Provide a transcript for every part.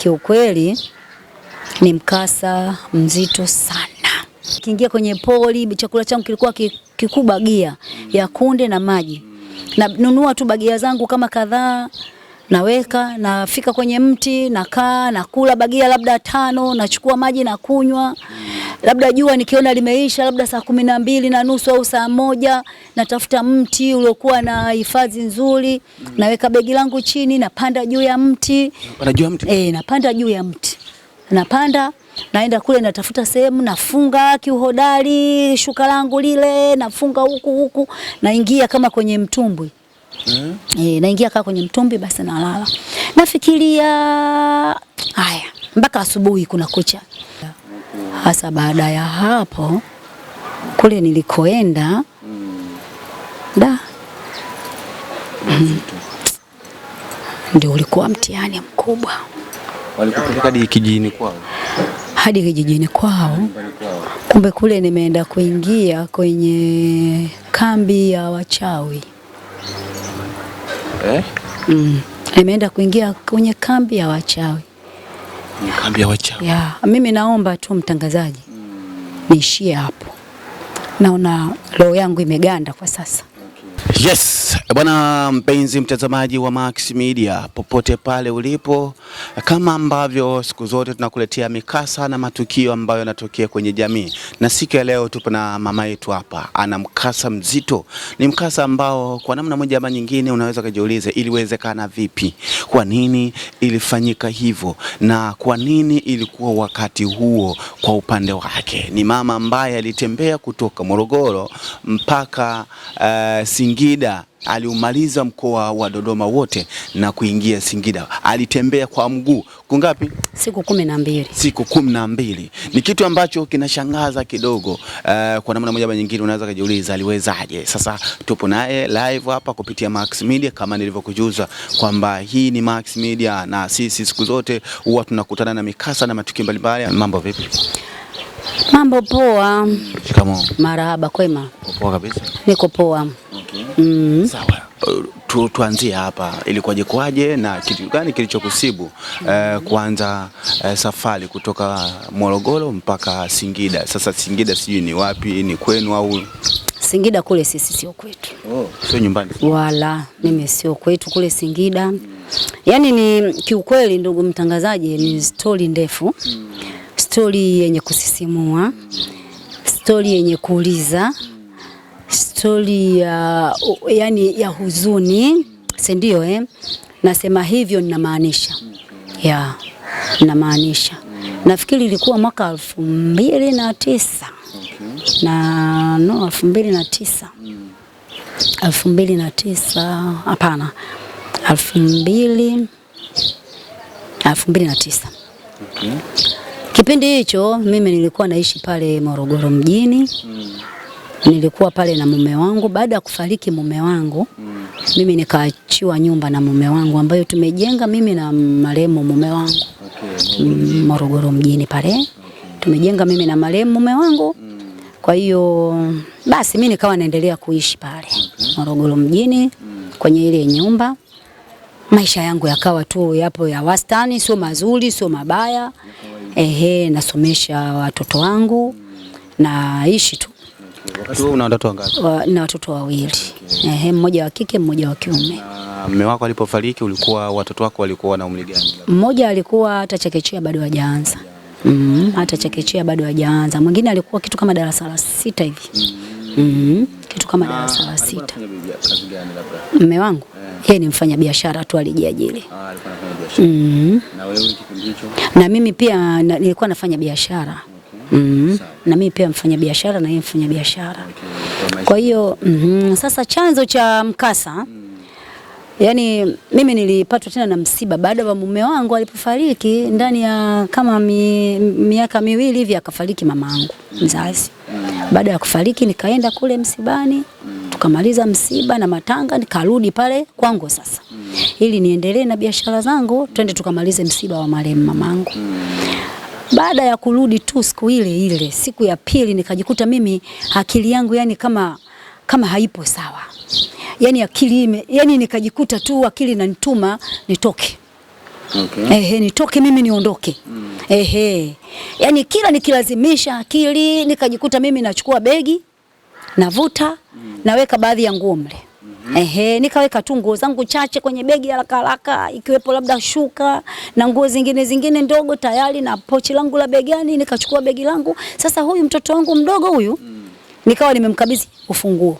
kiukweli ni mkasa mzito sana. Kiingia kwenye poli, chakula changu kilikuwa kikubwa, gia ya kunde na maji, nanunua tu bagia zangu kama kadhaa naweka, nafika kwenye mti nakaa, nakula bagia labda tano, nachukua maji na kunywa. Labda jua nikiona limeisha, labda saa kumi na mbili na nusu au saa moja, natafuta mti uliokuwa na hifadhi nzuri, naweka begi langu chini, napanda juu ya mti, eh, napanda juu ya mti, napanda naenda kule natafuta sehemu nafunga kiuhodari shuka langu lile nafunga huku huku, naingia kama kwenye mtumbwi. Mm. E, naingia kaa kwenye mtumbi basi nalala. Nafikiria haya mpaka asubuhi kuna kucha. Hasa baada ya hapo kule nilikoenda mm. da mm. ndio ulikuwa mtihani mkubwa. hadi kijijini kwao, hadi kijijini kwao. Kumbe kule nimeenda kuingia kwenye kambi ya wachawi eh? Mm. Ameenda kuingia kwenye kambi ya wachawi. kambi ya wachawi. Yeah. Mimi naomba tu mtangazaji, niishie hapo. Naona roho yangu imeganda kwa sasa. Yes, bwana mpenzi mtazamaji wa Max Media popote pale ulipo, kama ambavyo siku zote tunakuletea mikasa na matukio ambayo yanatokea kwenye jamii, na siku ya leo tupo na mama yetu hapa, ana mkasa mzito. Ni mkasa ambao kwa namna moja ama nyingine unaweza kujiuliza, iliwezekana vipi? Kwa nini ilifanyika hivyo, na kwa nini ilikuwa wakati huo? Kwa upande wake ni mama ambaye alitembea kutoka Morogoro mpaka uh, Singida Singida, aliumaliza mkoa wa Dodoma wote na kuingia Singida. Alitembea kwa mguu kungapi? Siku kumi na mbili. Siku kumi na mbili ni kitu ambacho kinashangaza kidogo. Uh, kwa namna moja nyingine unaweza kujiuliza aliwezaje? Sasa tupo naye live hapa kupitia Max Media, kama nilivyokujuza kwamba hii ni Max Media na sisi siku zote huwa tunakutana na mikasa na matukio mbalimbali. Mambo vipi? Mambo poa. Shikamoo. Marahaba. Kwema. Poa kabisa. Niko poa muziki mm. Mm-hmm. Sawa, tu, tuanzie hapa, ilikuwaje kwaje na kitu gani kilichokusibu eh, kuanza eh, safari kutoka Morogoro mpaka Singida? Sasa Singida sijui ni wapi, ni kwenu au Singida kule? Sisi sio kwetu. Oh, sio nyumbani wala mimi, sio kwetu kule Singida. Yaani ni kiukweli, ndugu mtangazaji, ni stori ndefu, stori yenye kusisimua, stori yenye kuuliza stori ya yani ya huzuni, si ndio? Eh, nasema hivyo ninamaanisha, ya ninamaanisha nafikiri ilikuwa mwaka elfu mbili na tisa na no elfu mbili na tisa elfu mbili na tisa hapana, elfu mbili elfu mbili na tisa Kipindi hicho mimi nilikuwa naishi pale Morogoro mjini mm nilikuwa pale na mume wangu. Baada ya kufariki mume wangu mm. mimi nikaachiwa nyumba na mume wangu ambayo tumejenga mimi na marehemu mume wangu okay. Morogoro mjini pale okay. tumejenga mimi na marehemu mume wangu mm. kwa hiyo basi mimi nikawa naendelea kuishi pale okay. Morogoro mjini mm. kwenye ile nyumba maisha yangu yakawa tu yapo ya wastani, sio mazuri, sio mabaya. Ehe, nasomesha watoto wangu, naishi tu tu una watoto wangapi? Wa, na watoto wawili. Okay. Ehe, mmoja wa kike, mmoja wa kiume. Mume wako alipofariki ulikuwa watoto wako walikuwa na umri gani? Mmoja alikuwa hata chekechea bado hajaanza. Mm, hata chekechea bado hajaanza. Mwingine alikuwa kitu kama darasa la sita hivi. Mm, kitu kama darasa la sita. Mume wangu yeye ni mfanyabiashara tu alijiajiri. Ah, alikuwa anafanya biashara. Mm. Na wewe kipindi hicho? Na mimi pia na, nilikuwa nafanya biashara. Mm mm -hmm. na mimi pia mfanya biashara na yeye mfanya biashara okay. Kwa hiyo mm -hmm. Sasa chanzo cha mkasa mm yani mimi nilipatwa tena na msiba baada ya mume wangu alipofariki, ndani ya kama mi, miaka miwili hivi akafariki mamangu mzazi. Baada ya kufariki nikaenda kule msibani tukamaliza msiba na matanga, nikarudi pale kwangu sasa, ili niendelee na biashara zangu, twende tukamalize msiba wa marehemu mamangu. Baada ya kurudi tu siku ile ile, siku ya pili nikajikuta mimi akili yangu yani kama kama haipo sawa, yani akili ime, yani nikajikuta tu akili inanituma nitoke. Okay. Ehe, nitoke mimi niondoke. Mm. Ehe, yani kila nikilazimisha akili nikajikuta mimi nachukua begi navuta, mm. naweka baadhi ya nguo mle Ehe, nikaweka tu nguo zangu chache kwenye begi haraka haraka, ikiwepo labda shuka na nguo zingine zingine ndogo tayari na pochi langu la begani, nikachukua begi langu. Sasa huyu mtoto wangu mdogo huyu nikawa nimemkabidhi ufunguo,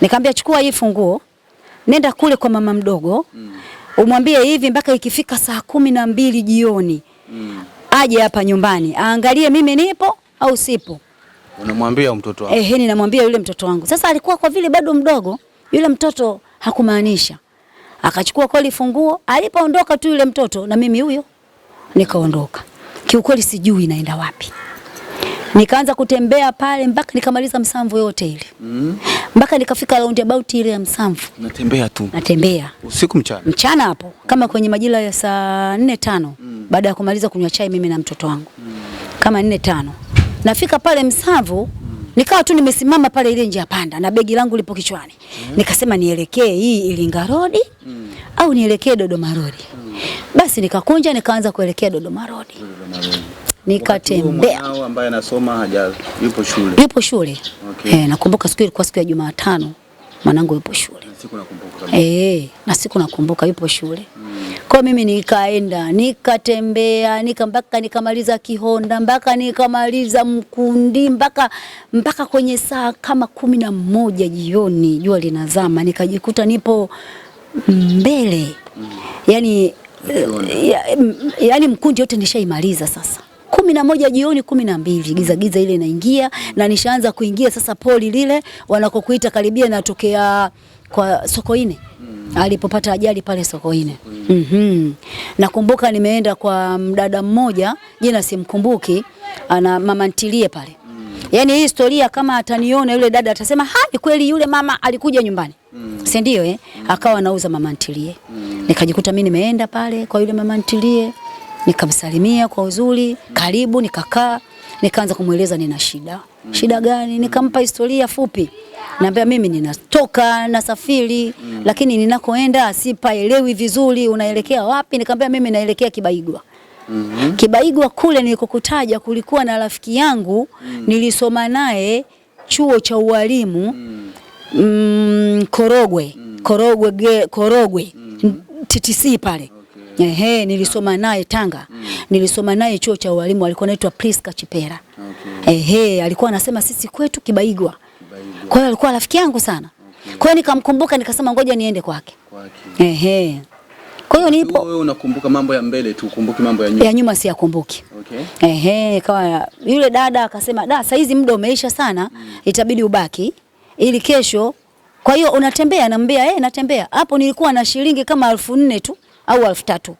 nikamwambia chukua hii funguo, nenda kule kwa mama mdogo mm. umwambie hivi mpaka ikifika saa kumi na mbili jioni mm. aje hapa nyumbani aangalie mimi nipo au sipo. Unamwambia mtoto wangu? Ehe, ninamwambia yule mtoto wangu. Sasa alikuwa kwa vile bado mdogo yule mtoto hakumaanisha, akachukua kweli funguo. Alipoondoka tu yule mtoto, na mimi huyo nikaondoka. Kiukweli sijui naenda wapi. Nikaanza kutembea pale mpaka nikamaliza Msamvu yote ile. Mm. mpaka Mm. nikafika round about ile ya Msamvu. Natembea tu. Natembea. Usiku mchana. Mchana hapo kama kwenye majira ya saa 4 5 mm. Baada ya kumaliza kunywa chai mimi na mtoto wangu. Mm. Kama 4 5. Nafika pale Msamvu Nikawa tu nimesimama pale ile njia panda na begi langu lipo kichwani. Mm. Nikasema nielekee hii Ilinga Road mm. au nielekee Dodoma Road. Mm. Basi nikakunja nikaanza kuelekea Dodoma Road. Nikatembea. Mwanao ambaye anasoma haja yupo shule. Yupo shule. Okay. Eh, nakumbuka siku ilikuwa siku ya Jumatano. Mwanangu yupo shule. Na siku nakumbuka. Eh, na siku nakumbuka yupo shule. Mm. Kwa mimi nikaenda nikatembea nika mpaka nikamaliza Kihonda mpaka nikamaliza Mkundi mpaka mpaka kwenye saa kama kumi na moja jioni jua linazama, nikajikuta nipo mbele mm. yani, yani Mkundi yote nishaimaliza sasa kumi na moja jioni kumi na mbili giza giza ile inaingia na nishaanza kuingia sasa poli lile wanakokuita karibia natokea kwa Sokoine mm. alipopata ajali pale Sokoine. mm -hmm. Nakumbuka nimeenda kwa mdada mmoja, jina simkumbuki, ana mama ntilie pale. Mm. Yaani hii historia kama ataniona yule dada atasema ha, ni kweli yule mama alikuja nyumbani. Mm. Si ndio eh? Mm. Akawa anauza mama ntilie. Mm. Nikajikuta mimi nimeenda pale kwa yule mama ntilie. Nikamsalimia kwa uzuri, karibu, nikakaa, nikaanza kumweleza nina shida. Shida gani? Nikampa historia fupi. Naambia mimi ninatoka nasafiri, lakini ninakoenda sipaelewi vizuri, unaelekea wapi? Nikamwambia mimi naelekea Kibaigwa. Mhm. Kibaigwa kule nilikokutaja kulikuwa na rafiki yangu mm. Nilisoma naye chuo cha ualimu mm. mm Korogwe mm. Korogwe, Korogwe TTC pale oh. Ehe, nilisoma naye Tanga. Mm. Nilisoma naye chuo cha walimu alikuwa anaitwa Priska Chipera. Okay. Ehe, alikuwa anasema sisi kwetu Kibaigwa. Kibaigwa. Kwa hiyo alikuwa rafiki yangu sana. Okay. Kwa hiyo nikamkumbuka nikasema ngoja niende kwake. Kwake. Ehe. Kwa hiyo nipo. Wewe unakumbuka mambo ya mbele tu, ukumbuki mambo ya nyuma. Ya nyuma si yakumbuki. Okay. Ehe, kawa yule dada akasema, "Da, saa hizi muda umeisha sana, mm. itabidi ubaki ili kesho." Kwa hiyo unatembea, anambia, "Eh, natembea." Hapo nilikuwa na shilingi kama elfu nne tu au elfu tatu.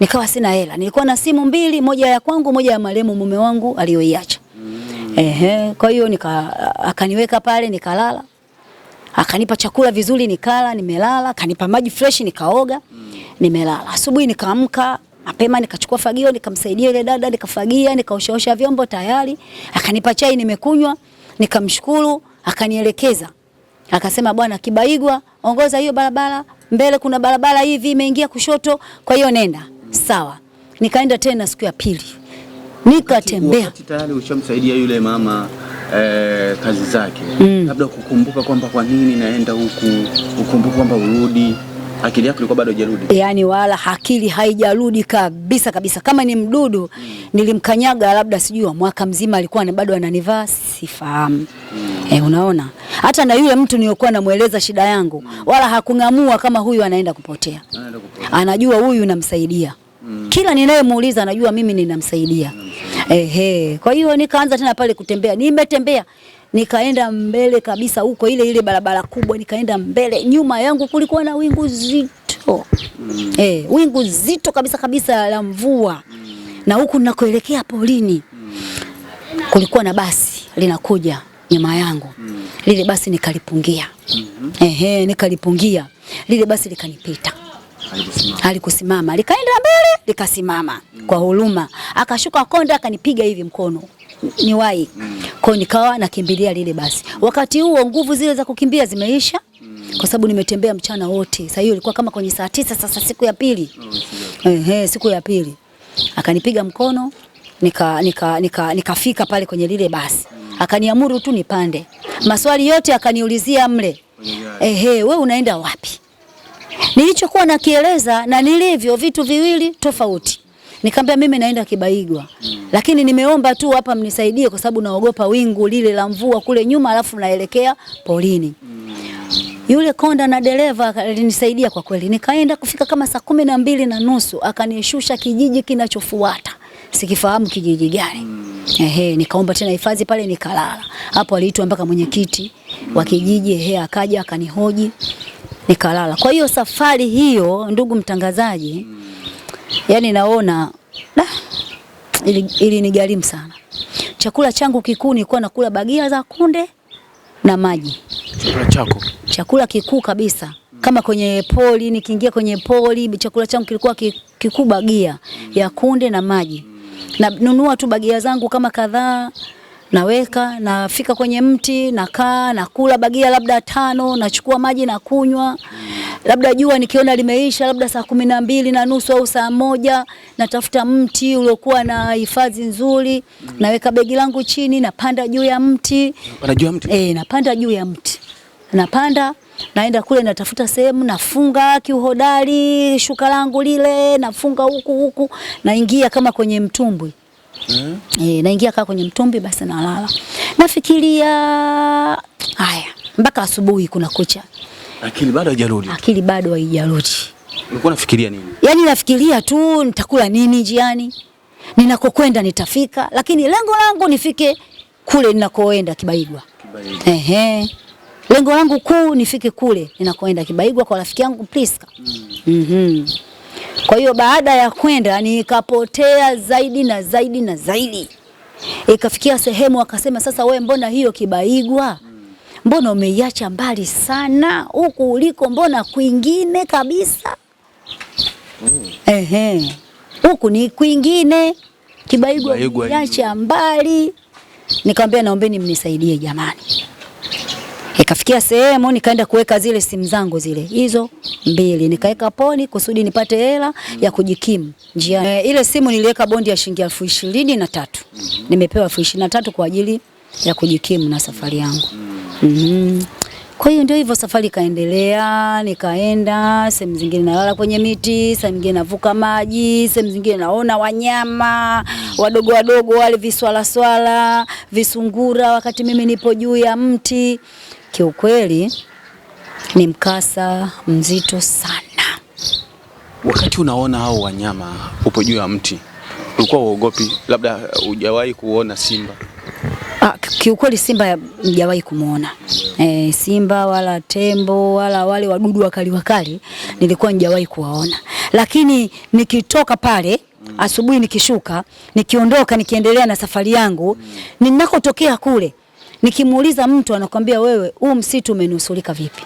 Nikawa sina hela, nilikuwa na simu mbili, moja ya kwangu, moja ya marehemu mume wangu aliyoiacha. Mm. Ehe, kwa hiyo nika akaniweka pale nikalala, akanipa chakula vizuri nikala, nimelala, akanipa maji fresh nikaoga, mm. nimelala. Asubuhi nikaamka mapema nikachukua fagio nikamsaidia ile dada, nikafagia nikaoshaosha vyombo tayari, akanipa chai nimekunywa, nikamshukuru. Akanielekeza akasema, bwana Kibaigwa, ongoza hiyo barabara mbele kuna barabara hivi imeingia kushoto, kwa hiyo nenda. Sawa, nikaenda tena siku ya pili nikatembea. Tayari ushamsaidia yule mama eh, kazi zake mm. labda kukumbuka kwamba kwa nini naenda huku, ukumbuka kwamba urudi Akili yako ilikuwa bado haijarudi. Yaani wala akili haijarudi kabisa kabisa. Kama ni mdudu mm. nilimkanyaga labda sijui mwaka mzima alikuwa bado ananivaa sifahamu. Mm. Eh, unaona? Hata na yule mtu niliyokuwa namueleza shida yangu mm. wala hakung'amua kama huyu anaenda kupotea. Anaenda kupotea. Anajua huyu namsaidia. Mm. Kila ninayemuuliza anajua mimi ninamsaidia. Mm. Ehe, kwa hiyo nikaanza tena pale kutembea. Nimetembea nikaenda mbele kabisa huko, ile ile barabara kubwa, nikaenda mbele. Nyuma yangu kulikuwa na wingu zito mm. eh, wingu zito kabisa kabisa la mvua mm. na huku ninakoelekea polini mm. kulikuwa na basi linakuja nyuma yangu mm. lile basi nikalipungia mm -hmm. ehe, nikalipungia lile basi likanipita alikusimama likaenda mbele likasimama. mm. Kwa huruma akashuka konda akanipiga hivi mkono niwahi. Mm. Kwa hiyo nikawa nakimbilia lile basi. Wakati huo nguvu zile za kukimbia zimeisha mm. kwa sababu nimetembea mchana wote. Sasa hiyo ilikuwa kama kwenye saa tisa sasa oh, siku ya pili. Ehe, siku ya pili. Akanipiga mkono nika nika nika nikafika pale kwenye lile basi. Mm. Akaniamuru tu nipande. Maswali yote akaniulizia mle. Ehe, wewe unaenda wapi? Nilichokuwa nakieleza na nilivyo vitu viwili tofauti. Nikamwambia mimi naenda Kibaigwa lakini nimeomba tu hapa mnisaidie, kwa sababu naogopa wingu lile la mvua kule nyuma, alafu naelekea polini. Yule konda na dereva alinisaidia kwa kweli, nikaenda kufika kama saa kumi na mbili na nusu akanishusha kijiji kinachofuata, sikifahamu kijiji gani. Mm. Ehe, nikaomba tena hifadhi pale nikalala hapo. Aliitwa mpaka mwenyekiti wa mm. kijiji, ehe, akaja akanihoji nikalala. Kwa hiyo safari hiyo, ndugu mtangazaji, mm. yani naona nah, ili nigharimu sana. Chakula changu kikuu nilikuwa nakula bagia za kunde na maji. Chakula chako? Chakula kikuu kabisa kama kwenye poli, nikiingia kwenye poli, chakula changu kilikuwa kikuu bagia ya kunde na maji, na nunua tu bagia zangu kama kadhaa naweka, nafika kwenye mti nakaa, nakula bagia labda tano, nachukua maji na kunywa, labda jua nikiona limeisha, labda saa kumi na mbili na nusu au saa moja, natafuta mti uliokuwa na hifadhi nzuri, naweka begi langu chini, napanda juu ya mti, eh, napanda juu ya mti napanda naenda kule natafuta sehemu nafunga kiuhodari shuka langu lile nafunga huku huku, naingia kama kwenye mtumbwi. Mm. E, naingia kaa kwenye mtumbi basi nalala. Nafikiria haya mpaka asubuhi kuna kucha. Akili bado haijarudi. Akili bado haijarudi. Ulikuwa unafikiria nini? Yaani nafikiria tu nitakula nini njiani. Ninakokwenda nitafika, lakini lengo langu nifike kule ninakoenda Kibaigwa. Kibaigwa. Ehe. Lengo langu kuu nifike kule ninakoenda Kibaigwa kwa rafiki yangu Priska. Mm. Mhm. Mm. Mm kwa hiyo baada ya kwenda nikapotea zaidi na zaidi na zaidi, ikafikia sehemu akasema, sasa we, mbona hiyo Kibaigwa, mbona umeiacha mbali sana huku uliko, mbona kwingine kabisa. Mm. Ehe, huku ni kwingine, Kibaigwa umeiacha mbali. Nikamwambia naombeni mnisaidie jamani. Ikafikia sehemu nikaenda kuweka zile simu zangu zile hizo mbili, nikaweka poni kusudi nipate hela ya kujikimu njiani. E, ile simu niliweka bondi ya shilingi elfu ishirini na tatu nimepewa elfu ishirini na tatu kwa ajili ya kujikimu na safari yangu mm -hmm. Kwa hiyo ndio hivyo, safari ikaendelea, nikaenda sehemu zingine, nalala kwenye miti, sehemu nyingine navuka maji, sehemu zingine naona wanyama wadogo wadogo wale viswala swala, visungura, wakati mimi nipo juu ya mti kiukweli ni mkasa mzito sana. Wakati unaona hao wanyama upo juu ya mti, ulikuwa uogopi? Labda hujawahi kuona simba? Ah, kiukweli simba hujawahi kumwona e, simba wala tembo wala wale wadudu wakali wakali nilikuwa njawahi kuwaona, lakini nikitoka pale mm. asubuhi, nikishuka, nikiondoka, nikiendelea na safari yangu, ninakotokea kule Nikimuuliza mtu anakwambia wewe, huu msitu umenusurika vipi?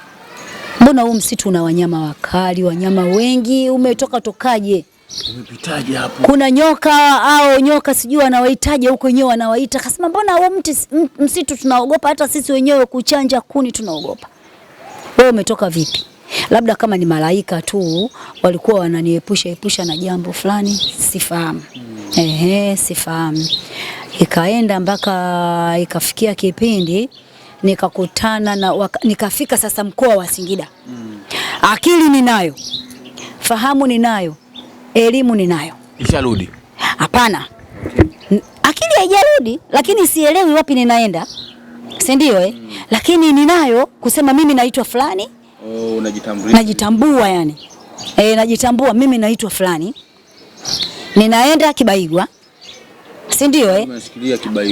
Mbona huu msitu una wanyama wakali, wanyama wengi, umetoka tokaje? Umepitaje hapo? Kuna nyoka au nyoka sijui wanawaitaje huko wenyewe wanawaita. Kasema mbona huu mti msitu tunaogopa, hata sisi wenyewe kuchanja kuni tunaogopa. Wewe umetoka vipi? Labda kama ni malaika tu walikuwa wananiepusha epusha na jambo fulani, sifahamu. Hmm. Ehe, sifahamu ikaenda mpaka ikafikia kipindi nikakutana na waka, nikafika sasa mkoa wa Singida mm. Akili ninayo, fahamu ninayo, elimu ninayo, isharudi hapana, okay. Akili haijarudi, lakini sielewi wapi ninaenda, si ndio eh? mm. Lakini ninayo kusema mimi naitwa fulani. Oh, unajitambua? Najitambua yani. E, najitambua mimi naitwa fulani, ninaenda Kibaigwa si ndio eh?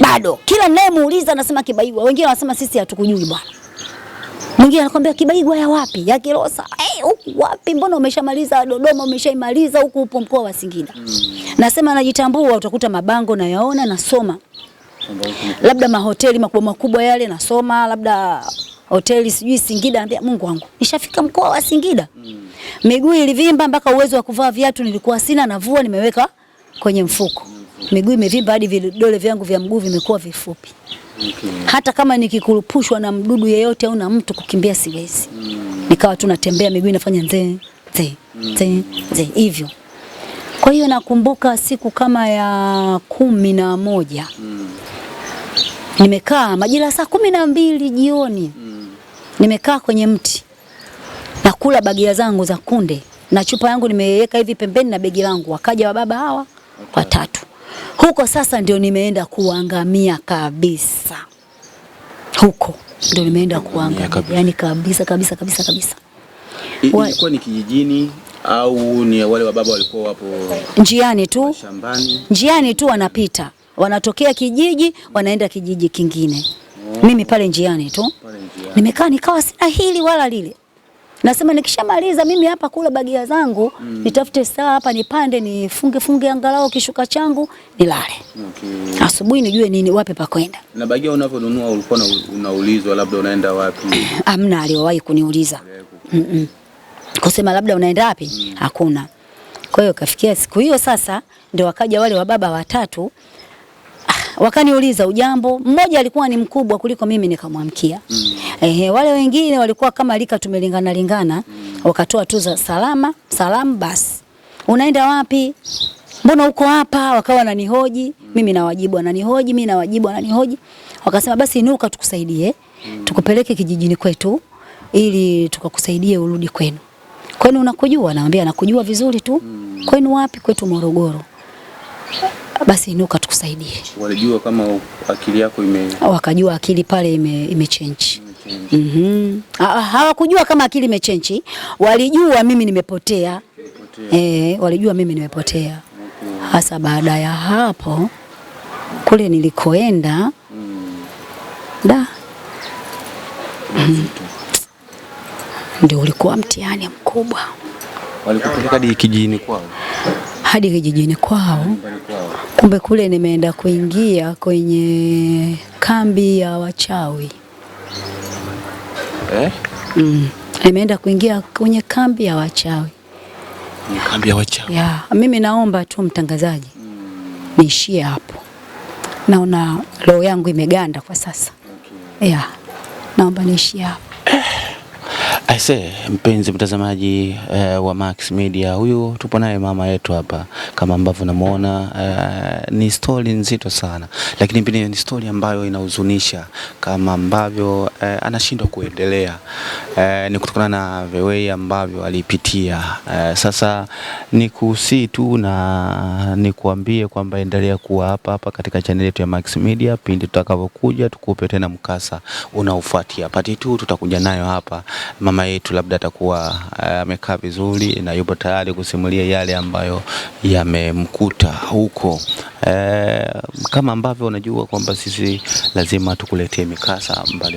Bado kila ninayemuuliza anasema Kibaigwa, wengine wanasema sisi hatukujui bwana. Mwingine anakwambia Kibaigwa ya wapi? Ya Kilosa. Eh, huku wapi? Mbona umeshamaliza Dodoma, umeshaimaliza huku upo mkoa wa Singida. Hmm. Nasema najitambua, utakuta mabango nayaona, nasoma. Labda mahoteli makubwa makubwa yale nasoma, labda hoteli sijui Singida, anambia Mungu wangu. Nishafika mkoa wa Singida. Mm. Miguu ilivimba mpaka uwezo wa kuvaa viatu nilikuwa sina, navua nimeweka kwenye mfuko miguu imevimba hadi vidole vyangu vya mguu vimekuwa vifupi. Okay. Hata kama nikikurupushwa na mdudu yeyote au na mtu kukimbia siwezi. Mm. Nikawa tu natembea miguu inafanya nze nze nze nze hivyo. Kwa hiyo nakumbuka siku kama ya kumi na moja. Mm. Nimekaa majira saa kumi na mbili jioni. Mm. Nimekaa kwenye mti. Nakula bagia zangu za kunde na chupa yangu nimeweka hivi pembeni na begi langu. Wakaja wababa hawa okay, watatu huko sasa ndio nimeenda kuangamia kabisa, huko ndio nimeenda kuangamia kabisa. Yani kabisa kabisa kabisa kabisa. Ilikuwa ni kijijini au ni wale wa baba walikuwa wapo njiani tu shambani, njiani tu wanapita, wanatokea kijiji wanaenda kijiji kingine. Oh, mimi pale njiani tu nimekaa nikawa sina hili wala lile Nasema nikishamaliza mimi hapa kula bagia zangu mm. nitafute saa hapa nipande nifunge funge angalau kishuka changu nilale. Okay. Asubuhi nijue nini wapi pa kwenda. Na bagia unavyonunua ulikuwa unaulizwa labda unaenda wapi? Amna aliyowahi kuniuliza. Mm -mm. Kusema labda unaenda wapi? Mm. Hakuna. Kwa hiyo kafikia siku hiyo sasa ndio wakaja wale wababa watatu wakaniuliza ujambo. Mmoja alikuwa ni mkubwa kuliko mimi nikamwamkia. mm. Ehe, wale wengine walikuwa kama lika tumelingana lingana. mm. Wakatoa tu za salama salamu, basi unaenda wapi? Mbona uko hapa? Wakawa wananihoji mm. mimi, nawajibu wananihoji mimi, nawajibu wananihoji. Wakasema basi inuka, tukusaidie mm. tukupeleke kijijini kwetu ili tukakusaidie urudi kwenu. Kwenu unakujua? Naambia nakujua vizuri tu. Mm. Kwenu wapi? Kwetu Morogoro basi inuka tukusaidie. Walijua kama akili yako ime wakajua akili pale ime, ime change. Mm -hmm. Hawakujua kama akili imechenchi, walijua mimi nimepotea. E, walijua mimi nimepotea hasa. Baada ya hapo kule nilikoenda hmm. da mm. ndio ulikuwa mtihani mkubwa. Walikupeleka hadi kijijini kwao hadi kijijini kwao. Kumbe kule nimeenda kuingia kwenye kambi ya wachawi eh? Mm. Nimeenda kuingia kwenye kambi ya wachawi. kambi ya wachawi. Yeah. Mimi naomba tu mtangazaji, niishie hapo, naona roho yangu imeganda kwa sasa. Okay. Yeah. Naomba niishie hapo. Eh. Aise, mpenzi mtazamaji eh, wa Max Media, huyu tupo naye mama yetu hapa kama ambavyo namuona eh, ni stori nzito sana, lakini pia ni stori ambayo inahuzunisha kama ambavyo eh, anashindwa kuendelea eh, ni kutokana na vewei ambavyo alipitia eh, sasa ni kusi tu na nikuambie kwamba endelea kuwa hapa hapa katika channel yetu ya Max Media, pindi tutakapokuja tukupe tena mkasa unaofuatia. Pati tu tutakuja nayo hapa mama mama yetu labda atakuwa eh, amekaa vizuri na yupo tayari kusimulia yale ambayo yamemkuta huko. E, kama ambavyo unajua kwamba sisi lazima tukuletee mikasa mbali